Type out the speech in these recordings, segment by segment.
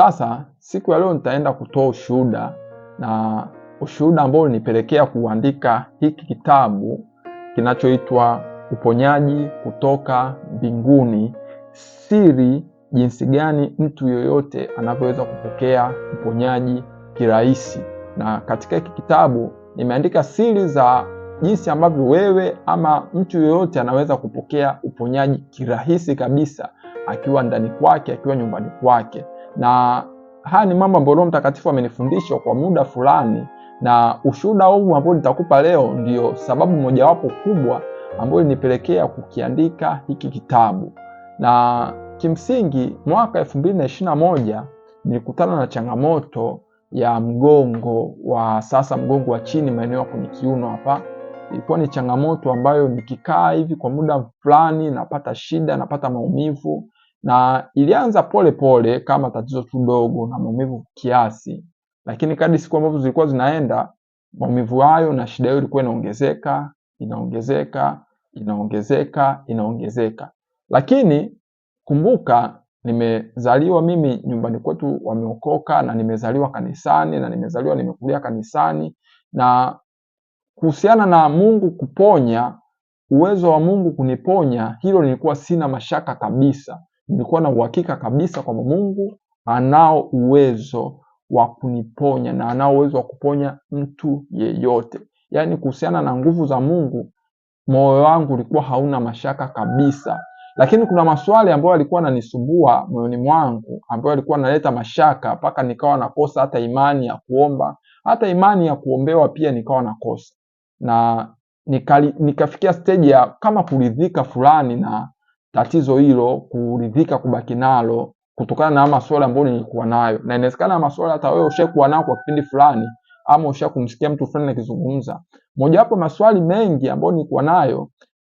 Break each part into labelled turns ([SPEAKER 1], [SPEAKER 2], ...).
[SPEAKER 1] Sasa siku ya leo nitaenda kutoa ushuhuda na ushuhuda ambao ulinipelekea kuandika hiki kitabu kinachoitwa Uponyaji kutoka Mbinguni, siri jinsi gani mtu yoyote anavyoweza kupokea uponyaji kirahisi. Na katika hiki kitabu nimeandika siri za jinsi ambavyo wewe ama mtu yoyote anaweza kupokea uponyaji kirahisi kabisa, akiwa ndani kwake, akiwa nyumbani kwake na haya ni mambo ambayo Roho Mtakatifu amenifundisha kwa muda fulani, na ushuhuda huu ambao nitakupa leo ndio sababu mojawapo kubwa ambayo ilinipelekea kukiandika hiki kitabu. Na kimsingi, mwaka elfu mbili na ishirini na moja nilikutana na changamoto ya mgongo wa sasa, mgongo wa chini, maeneo ya kwenye kiuno hapa. Ilikuwa ni changamoto ambayo nikikaa hivi kwa muda fulani napata shida, napata maumivu na ilianza pole pole kama tatizo tu dogo na maumivu kiasi, lakini kadri siku ambazo zilikuwa zinaenda, maumivu hayo na shida hiyo ilikuwa inaongezeka inaongezeka inaongezeka inaongezeka. Lakini kumbuka, nimezaliwa mimi nyumbani kwetu wameokoka, na nimezaliwa kanisani, na nimezaliwa nimekulia kanisani, na kuhusiana na Mungu kuponya, uwezo wa Mungu kuniponya, hilo nilikuwa sina mashaka kabisa nilikuwa na uhakika kabisa kwamba Mungu anao uwezo wa kuniponya na anao uwezo wa kuponya mtu yeyote. Yaani kuhusiana na nguvu za Mungu, moyo wangu ulikuwa hauna mashaka kabisa, lakini kuna maswali ambayo yalikuwa yananisumbua moyoni mwangu, ambayo yalikuwa yanaleta mashaka mpaka nikawa nakosa hata imani ya kuomba, hata imani ya kuombewa pia nikawa nakosa, na nikali, nikafikia stage ya kama kuridhika fulani na tatizo hilo, kuridhika kubaki nalo kutokana na maswala ambayo nilikuwa nayo, na inawezekana maswala hata wewe ushakuwa nao kwa kipindi fulani, ama ushakumsikia mtu fulani akizungumza. Mojawapo maswali mengi ambayo nilikuwa nayo,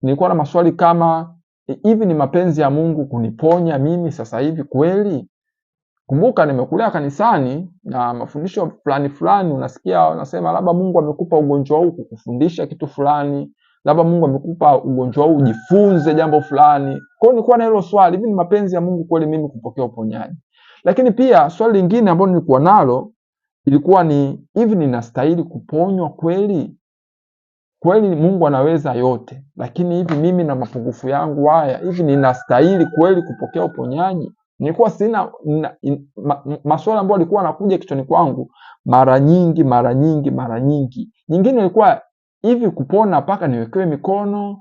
[SPEAKER 1] nilikuwa na maswali kama hivi, ni mapenzi ya Mungu kuniponya mimi sasa hivi kweli? Kumbuka nimekulea kanisani na mafundisho fulani fulani, unasikia unasema labda Mungu amekupa ugonjwa huu kukufundisha kitu fulani labda Mungu amekupa ugonjwa huu ujifunze jambo fulani. Kwa hiyo nilikuwa na hilo swali, hivi ni mapenzi ya Mungu kweli mimi kupokea uponyaji? Lakini pia swali lingine ambalo nilikuwa nalo ilikuwa ni hivi, ninastahili kuponywa kweli? Kweli Mungu anaweza yote, lakini hivi mimi na mapungufu yangu haya, hivi ninastahili kweli kupokea uponyaji? Nilikuwa sina ma, maswali ambayo alikuwa anakuja kichwani kwangu mara nyingi mara nyingi mara nyingi. Nyingine ilikuwa hivi kupona mpaka niwekewe mikono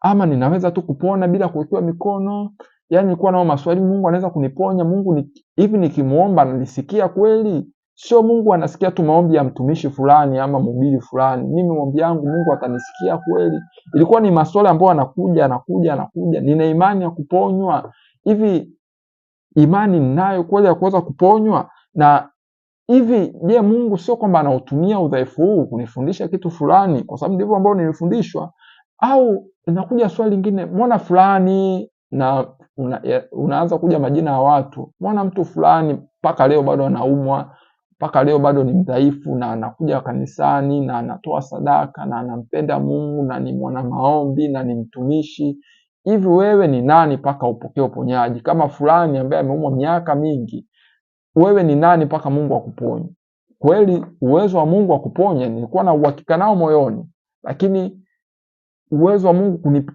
[SPEAKER 1] ama ninaweza tu kupona bila kuwekewa mikono? Yaani kuwa nao maswali, Mungu anaweza kuniponya? Mungu ni, hivi nikimwomba ananisikia kweli? Sio Mungu anasikia tu maombi ya mtumishi fulani ama mhubiri fulani, mimi maombi yangu Mungu atanisikia kweli? Ilikuwa ni maswali ambayo anakuja anakuja anakuja. Nina imani ya kuponywa, hivi imani ninayo kweli ya kuweza kuponywa? Na Hivi je, Mungu sio kwamba anautumia udhaifu huu kunifundisha kitu fulani, kwa sababu ndivyo ambao nimefundishwa? Au inakuja swali lingine, mwana fulani na una, ya, unaanza kuja majina ya watu, mwana mtu fulani mpaka leo bado anaumwa, mpaka leo bado ni mdhaifu, na anakuja kanisani na anatoa sadaka na anampenda Mungu na ni mwana maombi na ni mtumishi. Hivi wewe ni nani mpaka upokee uponyaji? Kama fulani ambaye ameumwa miaka mingi wewe ni nani mpaka Mungu akuponye? Kweli uwezo wa Mungu wa kuponya nilikuwa na uhakika nao moyoni, lakini uwezo wa Mungu kunip...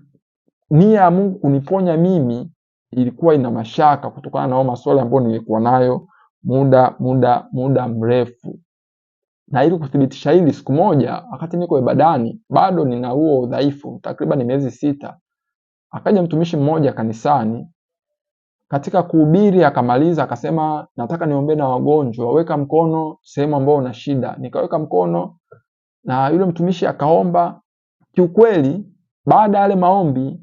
[SPEAKER 1] nia ya Mungu kuniponya mimi ilikuwa ina mashaka, kutokana na maswali ambayo nilikuwa nayo muda muda muda mrefu. Na ili kuthibitisha hili, siku moja wakati niko ibadani, bado nina huo udhaifu, takriban miezi sita, akaja mtumishi mmoja kanisani katika kuhubiri akamaliza akasema, nataka niombe na wagonjwa, weka mkono sehemu ambayo una shida. Nikaweka mkono na yule mtumishi akaomba. Kiukweli, baada ya yale maombi,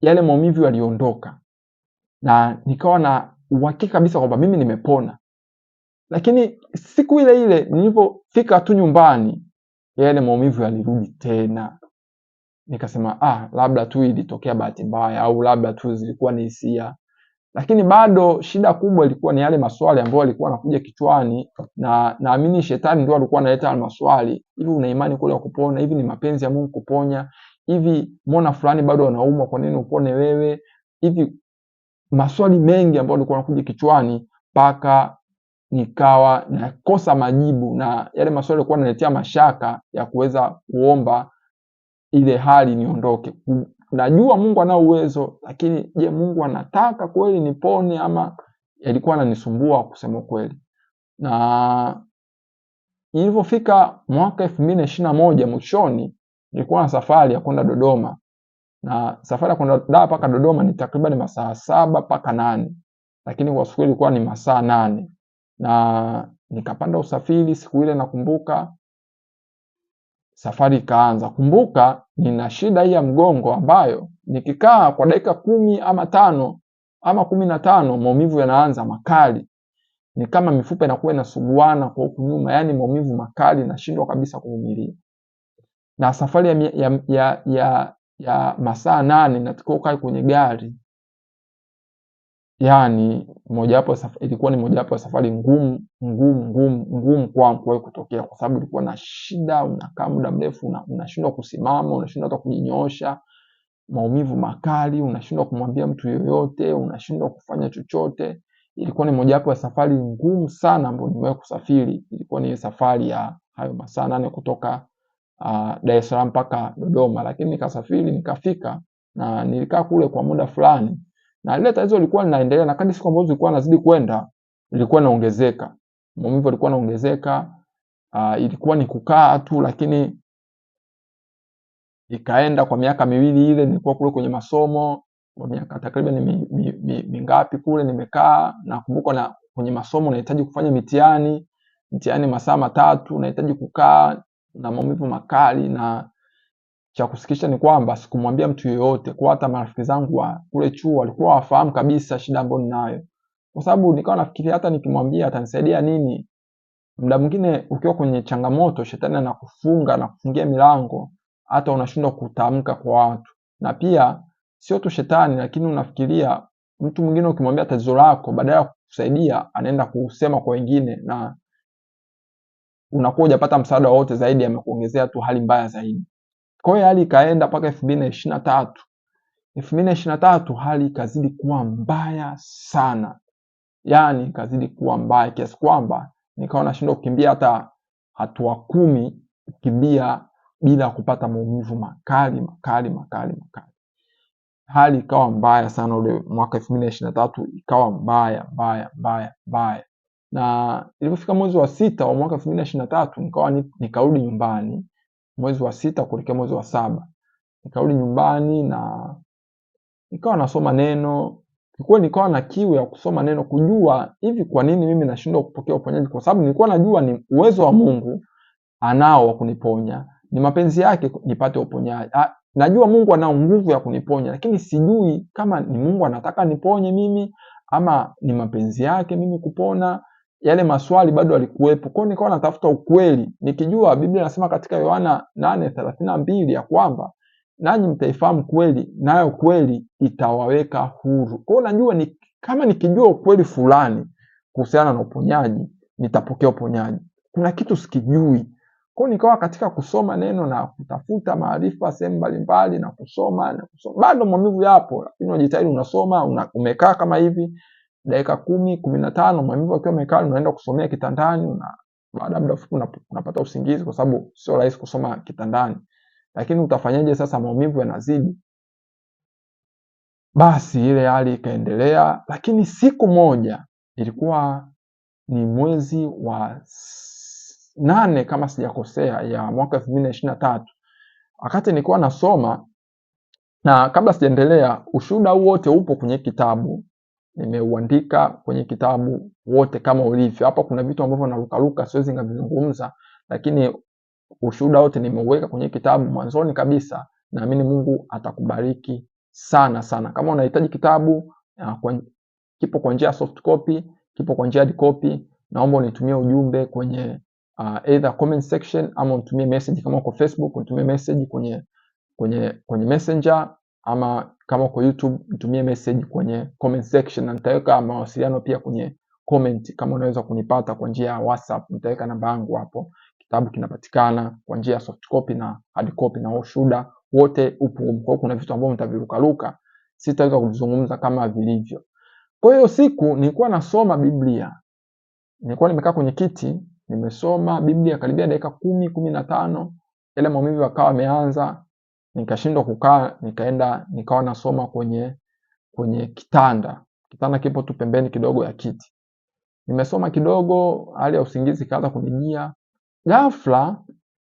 [SPEAKER 1] yale maumivu yaliondoka na nikawa na uhakika kabisa kwamba mimi nimepona. Lakini siku ile ile nilipofika tu nyumbani, yale maumivu yalirudi tena. Nikasema ah, labda tu ilitokea bahati mbaya, au labda tu zilikuwa ni hisia lakini bado shida kubwa ilikuwa ni yale maswali ambayo alikuwa nakuja kichwani, na naamini shetani ndio alikuwa analeta yale maswali. Hivi una imani kule kupona? Hivi ni mapenzi ya Mungu kuponya? Hivi mbona fulani bado anaumwa, kwa nini upone wewe? Hivi maswali mengi ambayo alikuwa anakuja kichwani mpaka nikawa nakosa majibu, na yale maswali yalikuwa yanaletea mashaka ya kuweza kuomba ile hali niondoke, najua Mungu ana uwezo, lakini je, Mungu anataka kweli nipone ama yalikuwa ananisumbua kusema kweli? Na ilivyofika mwaka elfu mbili na ishirini na moja mwishoni, nilikuwa na safari ya kwenda Dodoma, na safari ya kwenda Dar mpaka Dodoma ni takriban masaa saba mpaka nane, lakini kwa siku ilikuwa ni masaa nane na nikapanda usafiri siku ile nakumbuka Safari ikaanza. Kumbuka nina shida hii ya mgongo ambayo nikikaa kwa dakika kumi ama tano ama kumi na tano maumivu yanaanza makali, ni kama mifupa inakuwa inasuguana kwa huku nyuma, yaani maumivu makali, nashindwa kabisa kuvumilia. Na safari ya, ya, ya, ya, ya masaa nane natakiwa ukae kwenye gari yani mojawapo ilikuwa ni mojawapo ya safari ngumu ngumu ngumu ngumu kwangu wewe kutokea, kwa sababu ilikuwa na shida, unakaa muda mrefu unashindwa una, kusimama, unashindwa hata kujinyoosha, maumivu makali, unashindwa kumwambia mtu yoyote, unashindwa kufanya chochote. Ilikuwa ni mojawapo ya safari ngumu sana ambayo nimewahi kusafiri. Ilikuwa ni safari ya hayo masaa nane kutoka uh, Dar es Salaam mpaka Dodoma, lakini nikasafiri nikafika, na nilikaa kule kwa muda fulani na ile tatizo lilikuwa linaendelea, na kadri siku ambazo zilikuwa nazidi kwenda ilikuwa inaongezeka, maumivu yalikuwa yanaongezeka. Uh, ilikuwa ni kukaa tu, lakini ikaenda kwa miaka miwili ile nilikuwa kule kwenye masomo kwa miaka takriban mi, mi, mi, mingapi kule nimekaa. Nakumbuka na kwenye masomo nahitaji kufanya mitihani, mtihani masaa matatu, nahitaji kukaa na maumivu makali na cha kusikisha ni kwamba sikumwambia mtu yeyote, kwa hata marafiki zangu wa kule chuo walikuwa wafahamu kabisa shida ambayo ninayo, kwa sababu nikawa nafikiria hata nikimwambia atanisaidia nini? Muda mwingine ukiwa kwenye changamoto, shetani anakufunga na kufungia milango, hata unashindwa kutamka kwa watu. Na pia sio tu shetani, lakini unafikiria mtu mwingine ukimwambia tatizo lako, badala ya kukusaidia anaenda kusema kwa wengine, na unakuwa hujapata msaada wowote zaidi, amekuongezea tu hali mbaya zaidi. Kwa hiyo hali ikaenda mpaka elfu mbili na ishirini na tatu. Elfu mbili na ishirini na tatu hali ikazidi kuwa mbaya sana, yaani ikazidi kuwa mbaya kiasi kwamba nikawa nashindwa kukimbia hata hatua kumi kukimbia bila kupata maumivu makali makali makali makali. Hali ikawa mbaya sana ule mwaka elfu mbili na ishirini na tatu ikawa mbaya mbaya mbaya mbaya, na ilipofika mwezi wa sita wa mwaka elfu mbili na ishirini na tatu nikawa nikarudi nyumbani mwezi wa sita kuelekea mwezi wa saba. Nikarudi nyumbani na nikawa nasoma neno kwa nikawa na kiu ya kusoma neno, kujua hivi kwa nini mimi nashindwa kupokea uponyaji, kwa sababu nilikuwa najua ni uwezo wa Mungu anao wa kuniponya, ni mapenzi yake nipate uponyaji. Ah, najua Mungu anao nguvu ya kuniponya, lakini sijui kama ni Mungu anataka niponye mimi ama ni mapenzi yake mimi kupona yale maswali bado alikuwepo Kwa hiyo nikawa natafuta ukweli, nikijua Biblia inasema katika Yohana 8:32 ya kwamba nanyi mtaifahamu kweli, nayo kweli itawaweka huru. Kwa hiyo najua ni, kama nikijua ukweli fulani kuhusiana na uponyaji nitapokea uponyaji. Kuna kitu sikijui. Kwa nikawa katika kusoma neno na kutafuta maarifa sehemu mbalimbali na kusoma na kusoma, bado maumivu yapo, lakini unajitahidi unasoma, una, umekaa kama hivi dakika kumi kumi na tano maumivu akiwa mekali unaenda kusomea kitandani, na baada ya muda mfupi unapata usingizi, kwa sababu sio rahisi kusoma kitandani. Lakini utafanyaje sasa? Maumivu yanazidi. Basi ile hali ikaendelea, lakini siku moja ilikuwa ni mwezi wa nane kama sijakosea, ya mwaka elfu mbili na ishirini na tatu wakati nilikuwa nasoma, na kabla sijaendelea, ushuhuda huu wote upo kwenye kitabu nimeuandika kwenye kitabu wote kama ulivyo. Hapa kuna vitu ambavyo narukaruka, siwezi ngavizungumza, lakini ushuhuda wote nimeuweka kwenye kitabu mwanzoni kabisa. Naamini Mungu atakubariki sana sana. Kama unahitaji kitabu ya, ah, kwa, kipo kwa njia ya soft copy, kipo kwa njia hard copy, naomba unitumie ujumbe kwenye uh, either comment section ama unitumie message. Kama uko Facebook unitumie message kwenye kwenye kwenye Messenger ama kama uko YouTube nitumie message kwenye comment section, na nitaweka mawasiliano pia kwenye comment. Kama unaweza kunipata kwa njia ya WhatsApp, nitaweka namba yangu hapo. Kitabu kinapatikana kwa njia ya soft copy na hard copy, na ushuda wote upo. Kwa kuna vitu ambavyo nitavirukaruka, sitaweza kuvizungumza kama vilivyo. Kwa hiyo siku nilikuwa nasoma Biblia, nilikuwa nimekaa kwenye kiti nimesoma Biblia karibia dakika kumi kumi na tano yale maumivu yakawa yameanza nikashindwa kukaa, nikaenda nikawa nasoma kwenye kwenye kitanda. Kitanda kipo tu pembeni kidogo ya kiti. Nimesoma kidogo, hali ya usingizi ikaanza kunijia. Ghafla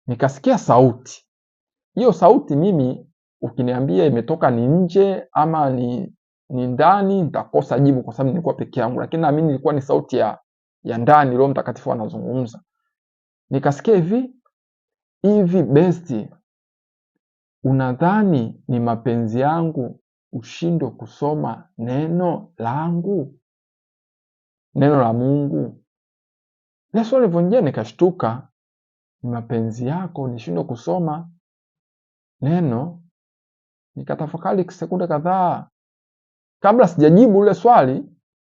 [SPEAKER 1] nikasikia sauti. Hiyo sauti mimi ukiniambia imetoka ni nje ama ni ni ndani, nitakosa jibu kwa sababu nilikuwa peke yangu, lakini naamini ilikuwa ni sauti ya ya ndani. Roho Mtakatifu anazungumza, nikasikia hivi hivi, besti, Unadhani ni mapenzi yangu ushindwe kusoma neno langu, neno la Mungu? Yesu alivyonijia nikashtuka, ni mapenzi yako nishindwe kusoma neno. Nikatafakari sekunde kadhaa, kabla sijajibu lile swali,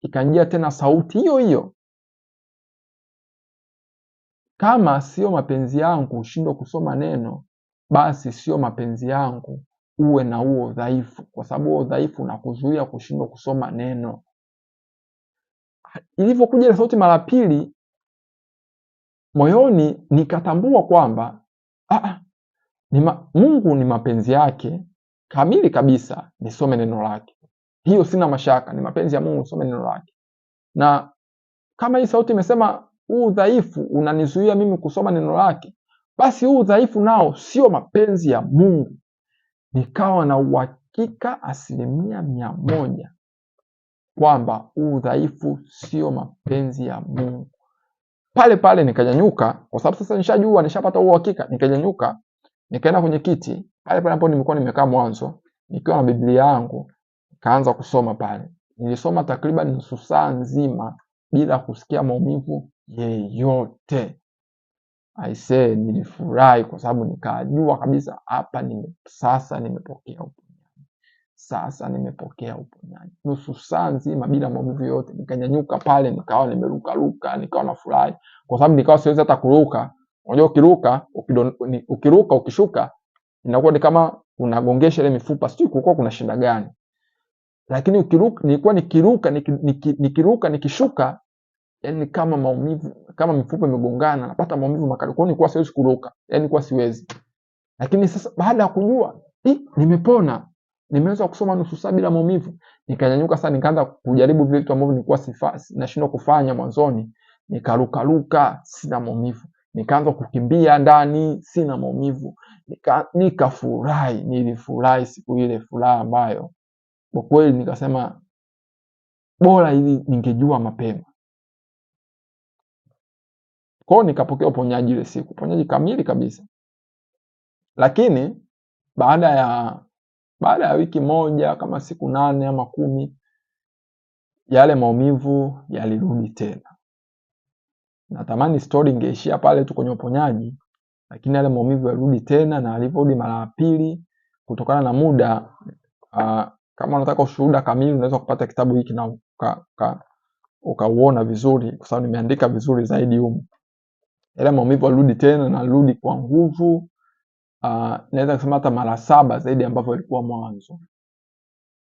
[SPEAKER 1] ikanjia tena sauti hiyo hiyo, kama siyo mapenzi yangu ushindwe kusoma neno basi sio mapenzi yangu uwe na huo udhaifu, kwa sababu huo udhaifu unakuzuia kushindwa kusoma neno. Ilivyokuja ile sauti mara pili, moyoni nikatambua kwamba ah, ah, ni ma, Mungu ni mapenzi yake kamili kabisa nisome neno lake. Hiyo sina mashaka, ni mapenzi ya Mungu nisome neno lake. Na kama hii sauti imesema huu udhaifu unanizuia mimi kusoma neno lake, basi huu udhaifu nao sio mapenzi ya Mungu. Nikawa na uhakika asilimia mia moja kwamba huu udhaifu sio mapenzi ya Mungu. Pale pale nikanyanyuka, kwa sababu sasa nishajua, nishapata huo uhakika. Nikanyanyuka nikaenda kwenye kiti pale pale ambapo nilikuwa nimekaa mwanzo, nikiwa na Biblia yangu, nikaanza kusoma pale. Nilisoma takriban nusu saa nzima bila kusikia maumivu yeyote. Aisee, nilifurahi kwa sababu nikajua kabisa hapa nime, sasa nimepokea uponyaji, sasa nimepokea uponyaji. Nusu saa nzima bila maumivu yote, nikanyanyuka pale, nikawa nimerukaruka, nikawa na furahi kwa sababu nikawa siwezi hata kuruka. Unajua ukiruka ukidon, ukiruka ukishuka inakuwa ni kama unagongesha ile mifupa, sijui kulikuwa kuna shida gani, lakini ukiruka, nilikuwa nikiruka nikiruka nikishuka yani kama maumivu kama mifupa imegongana napata maumivu makali, kwa hiyo nilikuwa siwezi kuruka, yani kwa siwezi. Lakini sasa baada ya kujua eh, nimepona, nimeweza kusoma nusu saa bila maumivu, nikanyanyuka sasa, nikaanza kujaribu vile vitu ambavyo nilikuwa sifasi nashindwa kufanya mwanzoni, nikaruka ruka sina maumivu, nikaanza kukimbia ndani, sina maumivu, nikafurahi, nika nilifurahi siku ile, furaha ambayo kwa kweli nikasema bora ili ningejua mapema. Kwao nikapokea uponyaji ile siku, uponyaji kamili kabisa. Lakini baada ya baada ya wiki moja kama siku nane ama kumi, yale maumivu yalirudi tena. Natamani story ingeishia pale tu kwenye uponyaji, lakini yale maumivu yalirudi tena, na alivyorudi mara ya pili, kutokana na muda uh, kama unataka ushuhuda kamili unaweza kupata kitabu hiki na ukauona uka, uka vizuri, kwa sababu nimeandika vizuri zaidi humu yale maumivu arudi tena na alirudi kwa nguvu uh, naweza kusema hata mara saba zaidi ambavyo ilikuwa mwanzo.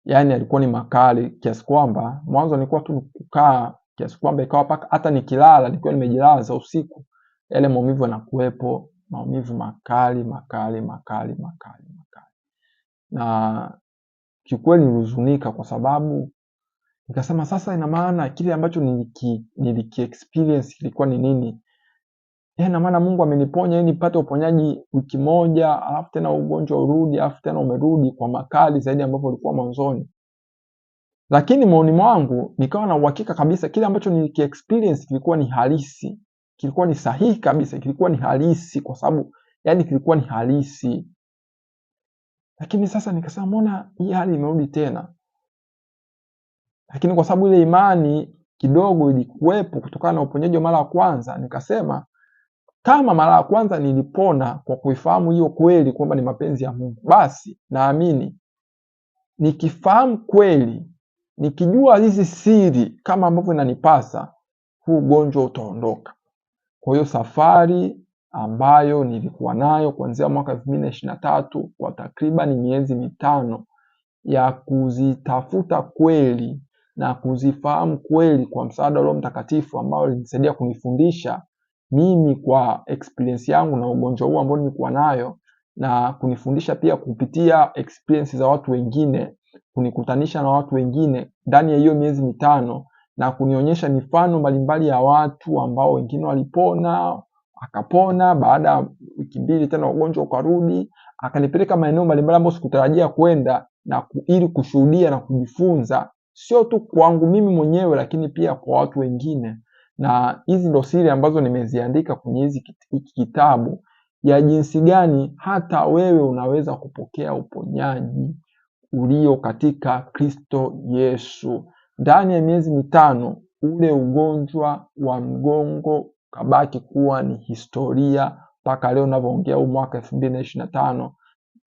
[SPEAKER 1] Yaani alikuwa ni makali kiasi kwamba mwanzo nilikuwa tu kukaa kiasi kwamba ikawa paka hata nikilala nilikuwa nimejilaza usiku yale maumivu yanakuwepo, maumivu makali makali makali makali makali, na kikweli nilihuzunika kwa sababu nikasema sasa, ina maana kile ambacho niliki, niliki experience kilikuwa ni nini? Eh, na maana Mungu ameniponya ili nipate uponyaji wiki moja, alafu tena ugonjwa urudi, alafu tena umerudi kwa makali zaidi ambapo ulikuwa mwanzoni. Lakini maoni mwangu nikawa na uhakika kabisa kile ambacho niliki experience kilikuwa ni halisi, kilikuwa ni sahihi kabisa, kilikuwa ni halisi kwa sababu yani kilikuwa ni halisi. Lakini sasa nikasema mbona hii hali imerudi tena? Lakini kwa sababu ile imani kidogo ilikuwepo kutokana na uponyaji wa mara ya kwanza, nikasema kama mara ya kwanza nilipona kwa kuifahamu hiyo kweli kwamba ni mapenzi ya Mungu, basi naamini nikifahamu kweli, nikijua hizi siri kama ambavyo inanipasa, huu ugonjwa utaondoka. Kwa hiyo safari ambayo nilikuwa nayo kuanzia mwaka elfu mbili na ishirini na tatu kwa takriban miezi mitano ya kuzitafuta kweli na kuzifahamu kweli kwa msaada wa Roho Mtakatifu ambao alinisaidia kunifundisha mimi kwa experience yangu na ugonjwa huu ambao nilikuwa nayo na kunifundisha pia kupitia experience za watu wengine, kunikutanisha na watu wengine ndani ya hiyo miezi mitano na kunionyesha mifano mbalimbali ya watu ambao wengine walipona akapona, baada ya wiki mbili tena ugonjwa ukarudi. Akanipeleka maeneo mbalimbali ambayo sikutarajia kwenda na ili kushuhudia na kujifunza, sio tu kwangu mimi mwenyewe, lakini pia kwa watu wengine na hizi ndo siri ambazo nimeziandika kwenye hizi hiki kitabu ya jinsi gani hata wewe unaweza kupokea uponyaji ulio katika Kristo Yesu. Ndani ya miezi mitano ule ugonjwa wa mgongo ukabaki kuwa ni historia mpaka leo unavyoongea huu mwaka elfu mbili na ishirini na tano,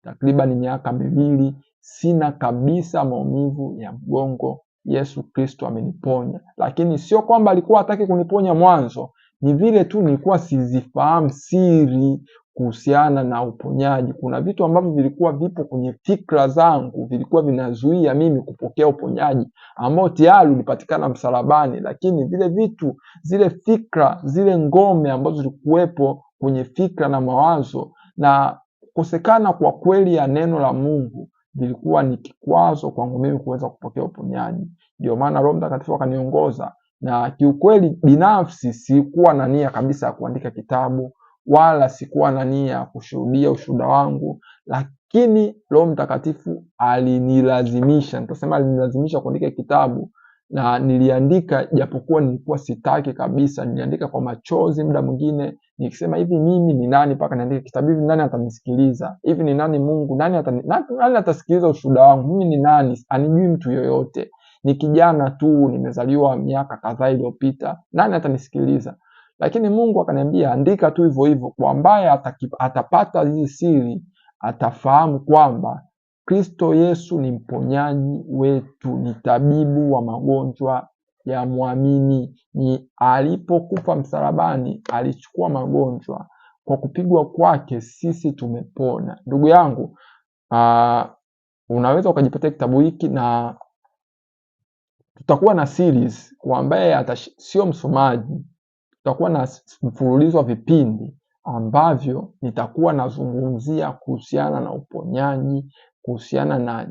[SPEAKER 1] takriban miaka miwili sina kabisa maumivu ya mgongo Yesu Kristo ameniponya, lakini sio kwamba alikuwa hataki kuniponya mwanzo, ni vile tu nilikuwa sizifahamu siri kuhusiana na uponyaji. Kuna vitu ambavyo vilikuwa vipo kwenye fikra zangu, vilikuwa vinazuia mimi kupokea uponyaji ambao tayari ulipatikana msalabani, lakini vile vitu, zile fikra, zile ngome ambazo zilikuwepo kwenye fikra na mawazo na kukosekana kwa kweli ya neno la Mungu vilikuwa ni kikwazo kwangu mimi kuweza kupokea uponyaji. Ndio maana Roho Mtakatifu akaniongoza, na kiukweli binafsi sikuwa na nia kabisa ya kuandika kitabu wala sikuwa na nia ya kushuhudia ushuhuda wangu, lakini Roho Mtakatifu alinilazimisha, nitasema alinilazimisha kuandika kitabu na niliandika japokuwa nilikuwa sitaki kabisa, niliandika kwa machozi muda mwingine nikisema hivi, mimi ni nani mpaka niandike kitabu hivi? Nani atanisikiliza hivi? Ni nani Mungu? Nani, atani, nani atasikiliza ushuhuda wangu? Mimi ni nani? Anijui mtu yoyote, ni kijana tu, nimezaliwa miaka kadhaa iliyopita, nani atanisikiliza? Lakini Mungu akaniambia, andika tu hivyo hivyo, kwa ambaye atapata hizi siri atafahamu kwamba Kristo Yesu ni mponyaji wetu, ni tabibu wa magonjwa ya mwamini. Ni alipokufa msalabani, alichukua magonjwa. Kwa kupigwa kwake sisi tumepona. Ndugu yangu, uh, unaweza ukajipatia kitabu hiki na tutakuwa na series kwa ambaye sio msomaji, tutakuwa na mfululizo wa vipindi ambavyo nitakuwa nazungumzia kuhusiana na uponyaji kuhusiana na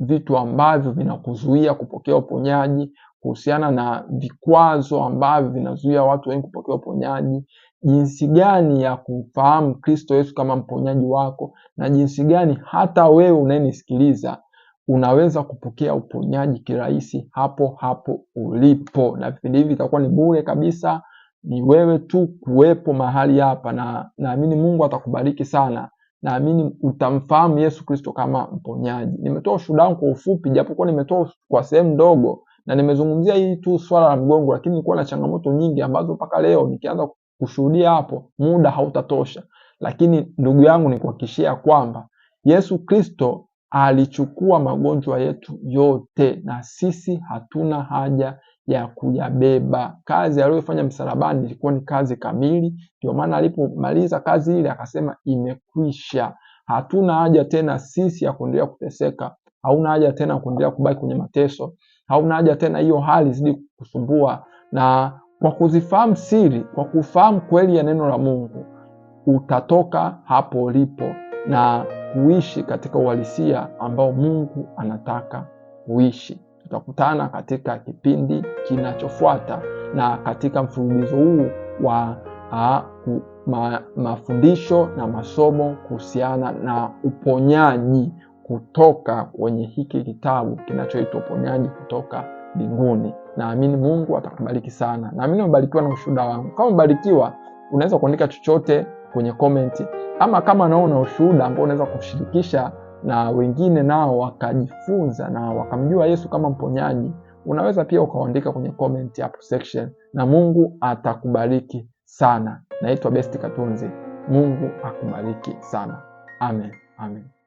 [SPEAKER 1] vitu ambavyo vinakuzuia kupokea uponyaji, kuhusiana na vikwazo ambavyo vinazuia watu wengi kupokea uponyaji, jinsi gani ya kumfahamu Kristo Yesu kama mponyaji wako, na jinsi gani hata wewe unayenisikiliza unaweza kupokea uponyaji kirahisi hapo hapo ulipo. Na vipindi hivi vitakuwa ni bure kabisa, ni wewe tu kuwepo mahali hapa, na naamini Mungu atakubariki sana naamini utamfahamu Yesu Kristo kama mponyaji. Nimetoa ushuhuda wangu kwa ufupi, japokuwa nimetoa kwa sehemu ndogo na nimezungumzia hii tu swala la mgongo, lakini nilikuwa na changamoto nyingi ambazo mpaka leo nikianza kushuhudia hapo muda hautatosha. Lakini ndugu yangu, nikuhakikishia kwamba Yesu Kristo alichukua magonjwa yetu yote na sisi hatuna haja ya kuyabeba. Kazi aliyofanya msalabani ilikuwa ni kazi kamili, ndio maana alipomaliza kazi ile akasema imekwisha. Hatuna haja tena sisi ya kuendelea kuteseka, hauna haja tena kuendelea kubaki kwenye mateso, hauna haja tena hiyo hali zidi kusumbua. Na kwa kuzifahamu siri, kwa kufahamu kweli ya neno la Mungu, utatoka hapo ulipo na kuishi katika uhalisia ambao Mungu anataka kuishi tutakutana katika kipindi kinachofuata na katika mfululizo huu wa a, ma, mafundisho na masomo kuhusiana na uponyaji kutoka kwenye hiki kitabu kinachoitwa uponyaji kutoka mbinguni. Naamini Mungu atakubariki sana. Naamini umebarikiwa na ushuhuda wangu. Kama umebarikiwa, unaweza kuandika chochote kwenye komenti, ama kama naona ushuhuda ambao unaweza kushirikisha na wengine nao wakajifunza na wakamjua Yesu kama mponyaji, unaweza pia ukaandika kwenye comment hapo section, na Mungu atakubariki sana. Naitwa Best Katunzi, Mungu akubariki sana. Amen, amen.